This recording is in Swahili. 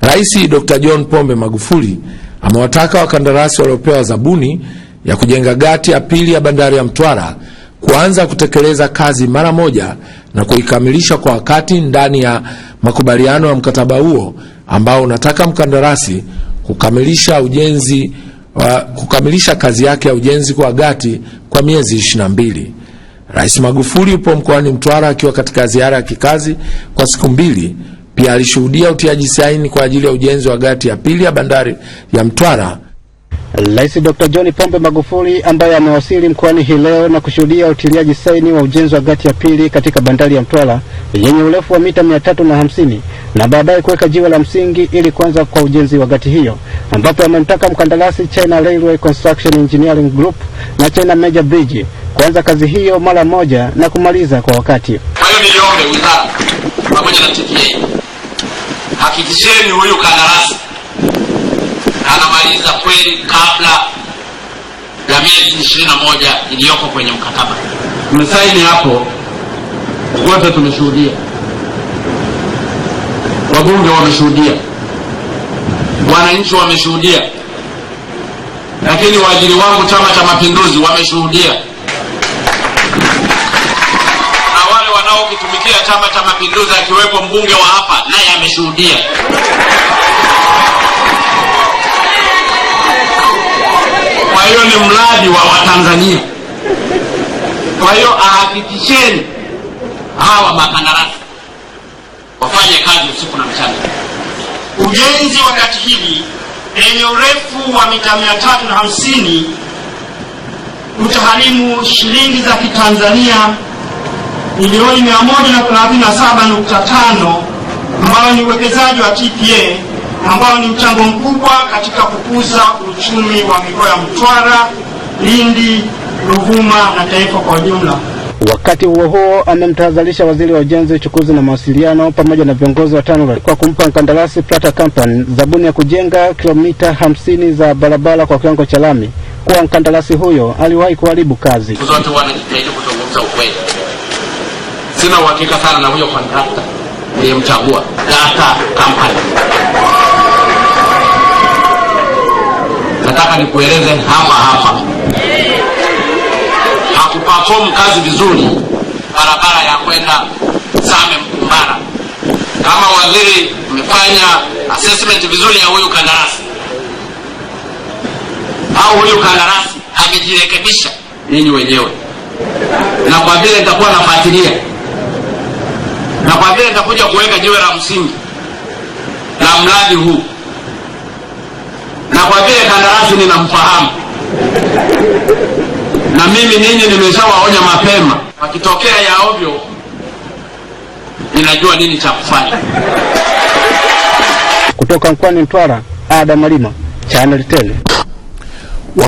Rais Dr. John Pombe Magufuli amewataka wakandarasi waliopewa zabuni ya kujenga gati ya pili ya bandari ya Mtwara kuanza kutekeleza kazi mara moja na kuikamilisha kwa wakati ndani ya makubaliano ya mkataba huo ambao unataka mkandarasi kukamilisha ujenzi wa, uh, kukamilisha kazi yake ya ujenzi kwa gati kwa miezi 22. Rais Magufuli yupo mkoani Mtwara akiwa katika ziara ya kikazi kwa siku mbili pia alishuhudia utiaji saini kwa ajili ya ujenzi wa gati ya pili ya bandari ya Mtwara. Rais Dr. John Pombe Magufuli ambaye amewasili mkoani hii leo na kushuhudia utiliaji saini wa ujenzi wa gati ya pili katika bandari ya Mtwara yenye urefu wa mita mia tatu na hamsini na baadaye kuweka jiwe la msingi ili kuanza kwa ujenzi wa gati hiyo, ambapo amemtaka mkandarasi China Railway Construction Engineering Group na China Major Bridge kuanza kazi hiyo mara moja na kumaliza kwa wakati. Kwa hiyo niliombe wizara pamoja na TPA hakikisheni huyu kandarasi anamaliza kweli kabla ya miezi ishirini na moja iliyoko kwenye mkataba. Mmesaini hapo, wote tumeshuhudia, wabunge wameshuhudia, wananchi wameshuhudia, lakini waajiri wangu Chama cha Mapinduzi wameshuhudia. Chama cha Mapinduzi akiwepo mbunge wa hapa, naye ameshuhudia. Kwa hiyo ni mradi wa Watanzania. Kwa hiyo ahakikisheni hawa makandarasi wafanye kazi usiku na mchana. Ujenzi wa gati hili lenye urefu wa mita mia tatu na hamsini utaharimu shilingi za Kitanzania milioni 137.5 ambayo ni uwekezaji wa TPA ambao ni mchango mkubwa katika kukuza uchumi wa mikoa ya Mtwara, Lindi, Ruvuma na taifa kwa ujumla. Wakati huo huo, amemtahadharisha waziri wa ujenzi, uchukuzi na mawasiliano pamoja na viongozi watano kwa kumpa mkandarasi Plata Company zabuni ya kujenga kilomita 50 za barabara kwa kiwango cha lami, kuwa mkandarasi huyo aliwahi kuharibu kazi. Zote wanajitahidi kuzungumza ukweli Sina uhakika sana na huyo kontrakta niliyemchagua data company. Nataka nikueleze hapa hapa, hakupafomu kazi vizuri barabara ya kwenda Same Mkumbara. Kama waziri mmefanya assessment vizuri ya huyu kandarasi au huyu kandarasi amejirekebisha, ninyi wenyewe na kwa vile nitakuwa nafuatilia na kwa vile nitakuja kuweka jiwe la msingi la mradi huu, na kwa vile kandarasi ninamfahamu na mimi ninyi nimeshawaonya mapema, wakitokea ya ovyo ninajua nini cha kufanya. Kutoka mkoani Mtwara, Ada Malima, Channel Tele.